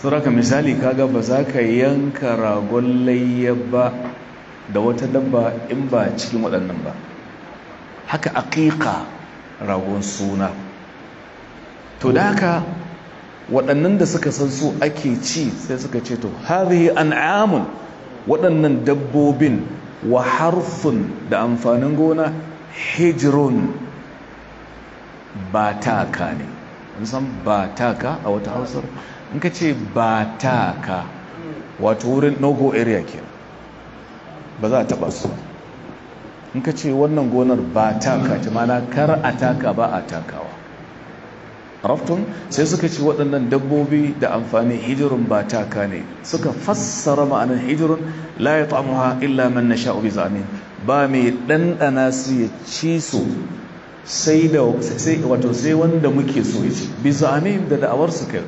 ka misali kaga ba za ka yanka ragon layya ba da wata dabba in ba cikin waɗannan ba haka aƙiƙa ragon suna to da haka waɗannan da suka san su ake ci sai suka ce to an an'amun waɗannan dabbobin wa harfun da amfanin gona hijrun ba ta ne in san ba ka a wata hausar in ka ce ba ka wato wurin nogo area ke ba za a taba su in ka ce wannan gonar ba ka ta mana kar a taka ba a takawa raftun sai suka ce waɗannan dabbobi da amfani hijirin ba ka ne suka fassara ma'anin hijirun layi amuha illa man na sha'ubi zane ba mai ɗanɗana su ya ci su sai da wato sai wanda muke so yace bi zamin da da'awar su kai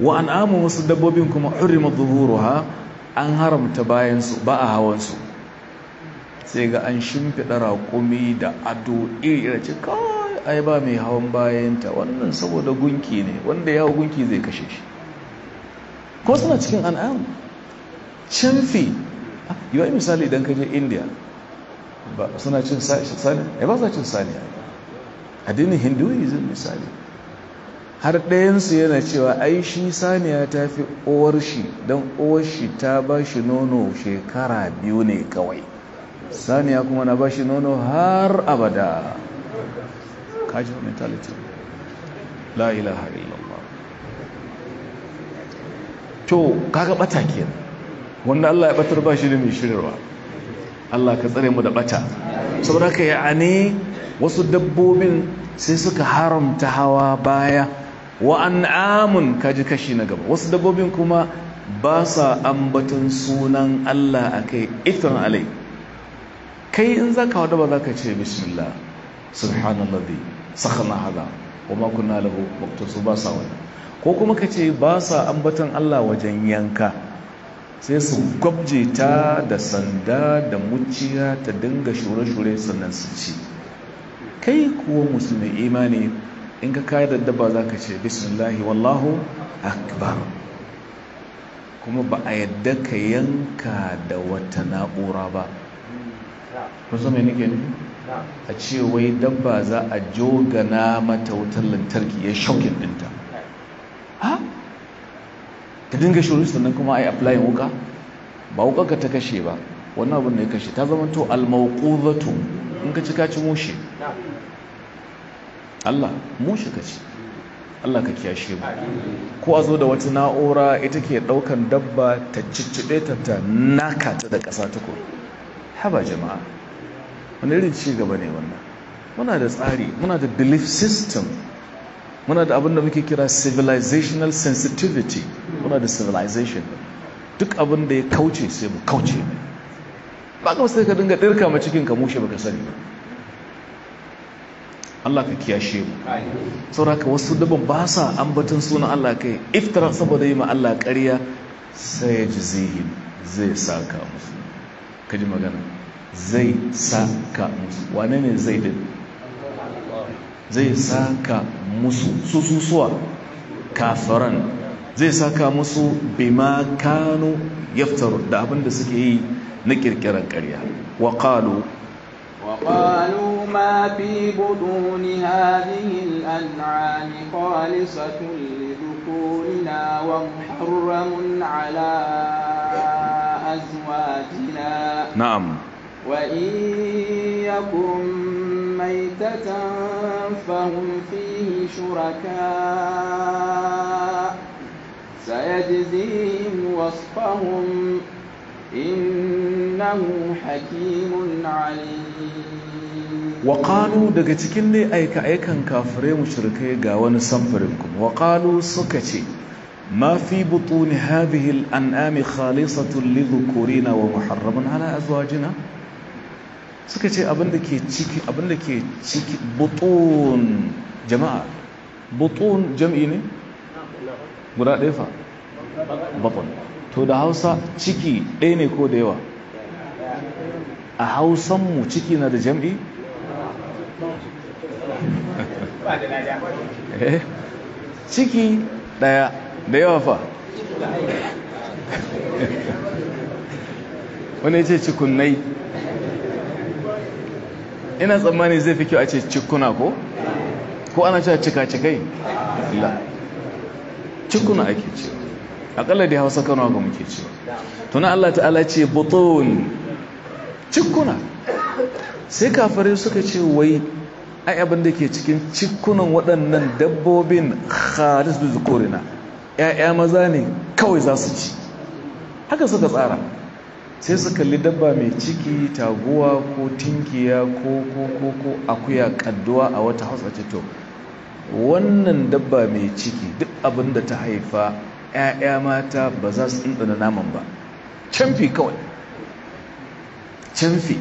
wa an'amu wasu dabbobin kuma hurima zuhuruha an haramta bayan su ba a hawan su sai ga an shimfiɗa raƙumi da ado iri ce kawai ai ba mai hawan bayanta wannan saboda gunki ne wanda yawo gunki zai kashe shi ko suna cikin an'am canfi yi misali idan ka je india ba suna cin Ya ba sa cin saniya addinin hinduism misali har ɗayansu yana cewa ai shi saniya ta fi uwar shi don uwar shi ta ba shi nono shekara biyu ne kawai saniya kuma na ba shi nono har abada kajin mentality la ilaha illallah to kaga bata kenan wanda Allah ya batar ba shi ne mai shirarwa Allah ka tsare mu da bata saboda ka ya'ani wasu dabbobin sai suka haramta hawa baya wa an'amun kaji kashi na gaba wasu dabbobin kuma ba sa ambaton sunan Allah akai iftan alai kai in ka wada ba zaka ce bismillah subhanallazi sakhana hada wa ma kunna lahu su ba sa wani. ko kuma ka ce ba sa ambaton Allah wajen yanka sai su gwabje ta da sanda da muciya ta dinga shure-shure sannan su ci kai kuwa musulmi imani in ka da daddaba za ka ce bismillahi wallahu akbar kuma ba a yadda ka yanka da wata na'ura ba su mai ne a ce wai dabba za a jogana mata wutar lantarki ya shaukin ɗinta ha ta dinga shirin sannan kuma a yi aflayin wuka ba wuka ka ta kashe ba wannan abin da ya kashe ta zama to almaukuzatu in ka ci ka ci mushe Allah mu shiga ka Allah ka kiyashe mu ko a zo da wata na'ura ita ke daukan dabba ta cicciɗe ta ta naka ta da ƙasa ko haba jama'a wani irin ci gaba ne wannan muna da tsari muna da belief system muna da abin da muke kira civilizational sensitivity muna da civilization duk abin da ya kauce sai mu kauce ba ka sai ka dinga dirka ma cikin ka mushe baka sani ba Allah ka kiyashe mu sauraka wasu daban ba sa ambatin sunan Allah kai iftara saboda yi ma Allah ƙarya sai ya ji zihin zai saka musu ka ji magana zai saka musu wane ne zai din zai saka musu su susuwa zai saka musu bima kanu yaftaru da abin da suke yi na ƙirƙirar ƙarya wa qalu وقالوا ما في بطون هذه الأنعام خالصة لذكورنا ومحرم على أزواجنا نعم وإن يكن ميتة فهم فيه شركاء سيجزيهم وصفهم innahu hakimun daga cikin ne aika aikan kafirai mushrikai ga wani samfurin kuma wa suka ce ما في بطون هذه wa خالصة لذكورنا ومحرم على أزواجنا suka ce abinda ke ciki abinda ke ciki butun jama'a butun jam'i ne to da hausa ciki ɗaya ne ko da yawa a hausanmu ciki na da jam'i? Eh, ciki ɗaya da yawa fa wani ya ce cikunai ina tsammani zai fi kyau a ce cikuna ko? ko ana cewa cika-cikai? cikuna ake cewa akalla da hausa kano ga muke cewa tuna Allah ta'ala ce buton cikuna sai kafare suka ce wai ai abinda ke cikin cikunan waɗannan dabbobin khalis da zukurina ƴaƴa maza ne kawai za su ci haka suka tsara sai su kalli dabba mai ciki taguwa ko tinkiya ko ko ko ko akuya kadduwa a wata hausa ce to wannan dabba mai ciki duk abinda ta haifa 'ya'ya mata ba za su ɗanɗana naman ba canfi kawai canfi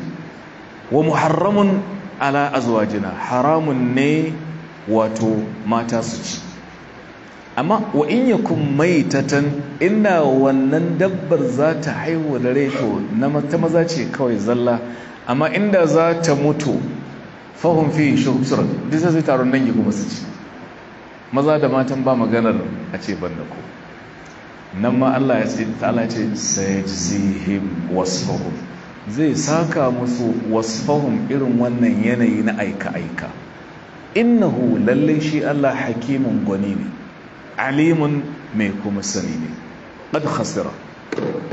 wa muharramun ala azwajina haramun ne wato mata su ci amma wa in yakun maitatan ina wannan dabbar za ta haihu da rai to na mata maza ce kawai zalla amma inda za ta mutu fahun fi shuhub duk zai taron yi kuma su ci maza da matan ba maganar a ce ban da ku. nan ma Allah ya ce ta'ala ce sayajzihim wasfahum zai saka musu wasfahum irin wannan yanayi na aika aika innahu lalle shi Allah hakimun gwani ne alimun mai kuma sani ne qad khasira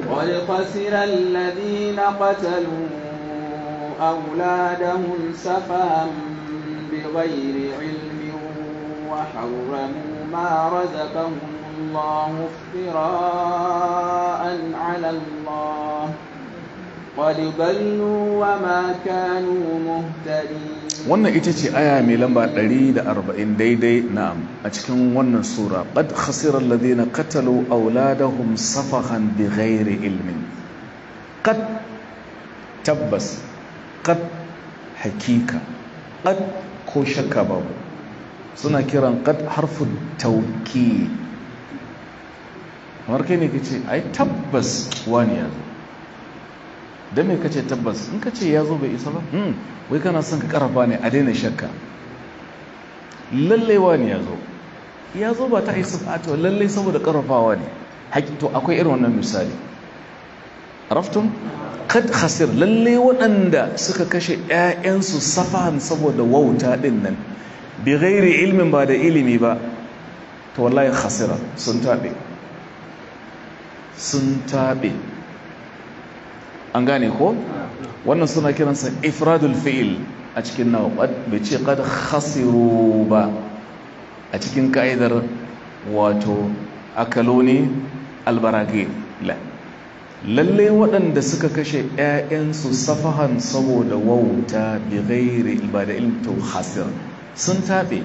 qad khasira alladhina qatalu awladahum safan bighayri ilmin wa harramu ma razaqahum الله افتراء على الله قد وما كانوا مهتدين wannan ita ce aya mai lamba 140 daidai na'am a cikin wannan sura qad khasira alladhina qatalu awladahum safahan bighairi ilmin qad tabbas qad hakika qad ko shakka babu suna kiran qad harfu tawkid kamar kai ne ka ce ai tabbas wani ya zo don mai ka ce tabbas in ka ce ya zo bai isa ba hmm, wai kana son ka karafa ne a daina shakka lallai wani ya zo ya zo ba ta isa yi sifatu lallai saboda karafawa ne to akwai irin wannan misali raftun kad khasir lallai waɗanda suka kashe ƴaƴansu safahan saboda wauta ɗin nan bi gairi ilmin ba da ilimi ba ta wallahi khasira sun taɓe sun taɓe an gane ko wannan suna kiransa ifradul fi'il a cikin nawa bai ce kada khasiru ba a cikin ka'idar wato akaloni albarage lalle waɗanda suka kashe 'ya'yansu safahan saboda wauta bi gairi ba to khasir sun taɓe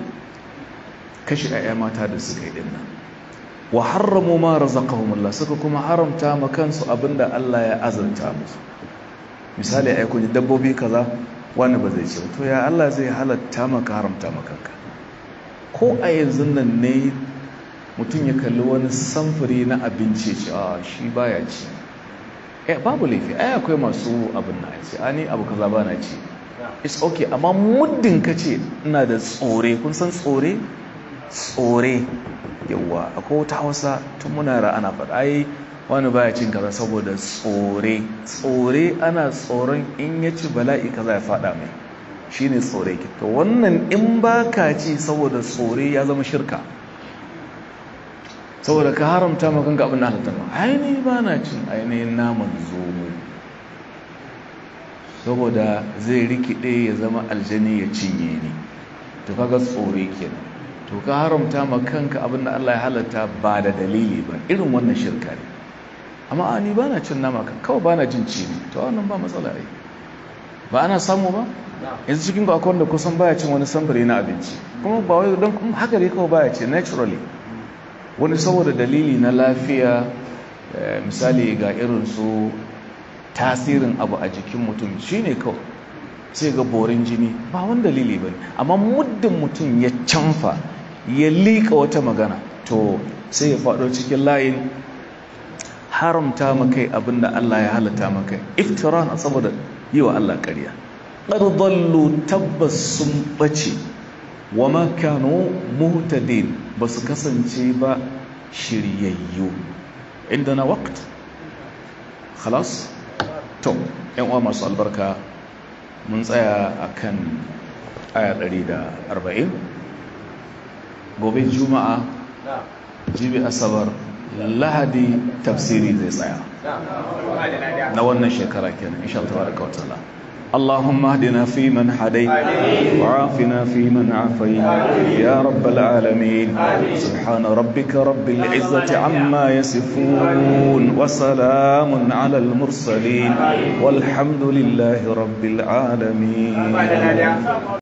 kashe 'ya'ya mata da suka yi dinnan wa harramu ma razaqahumullah suka kuma haramta ma kansu abinda Allah ya azanta musu misali ai kun dabbobi kaza wani ba zai ce to ya Allah zai halatta maka haramta maka ko a yanzu nan ne mutum ya kalli wani samfuri na abinci ce a ah, shi baya ci eh babu laifi ai akwai masu abin na ce ani ah, abu kaza ba ci it's okay amma muddin kace ina da tsore kun san tsore tsore yawa akwai wata hausa tun muna yara ana faɗa yi, wani baya cin kaza saboda tsore tsore ana tsoron in ya ci bala'i kaza ya faɗa mai shi ne tsore ki to wannan in ba ka ci saboda tsore ya zama shirka saboda ka haramta makon ga abin da ma ainihi ba na cin ainihin naman zomo saboda zai rikide ya zama aljani ya cinye ni to kaga tsore kenan to ka haramta ma kanka abin da Allah ya halatta ba da dalili ba irin wannan shirka ne amma a ni ba na cin nama kan kawai ba na jin ci ne to wannan ba matsala ai ba ana samu ba yanzu cikin ku akwai wanda kusan baya cin wani samfuri na abinci kuma ba wai don kuma haka ne kawai baya ce naturally wani saboda dalili na lafiya eh, misali ga irin su tasirin abu a jikin mutum shine kawai sai ga borin jini ba wani dalili ba amma muddin mutum ya canfa ya liƙa wata magana to sai ya faɗo cikin layin haramta makai abinda Allah ya halatta makai iftiran saboda yi wa Allah ƙarya ƙardallu tabbas sun ɓace wa makano muhtadin ba su kasance ba shiryayyu inda na wakt khalas to yan uwa masu albarka mun tsaya akan aya 140 gobe juma'a jibi asabar lahadi tafsiri zai tsaya na wannan shekara kenan insha Allah tabaraka wa ta'ala اللهم اهدنا فيمن هديت وعافنا فيمن عافيت يا رب العالمين سبحان ربك رب العزة عما يصفون وسلام على المرسلين والحمد لله رب العالمين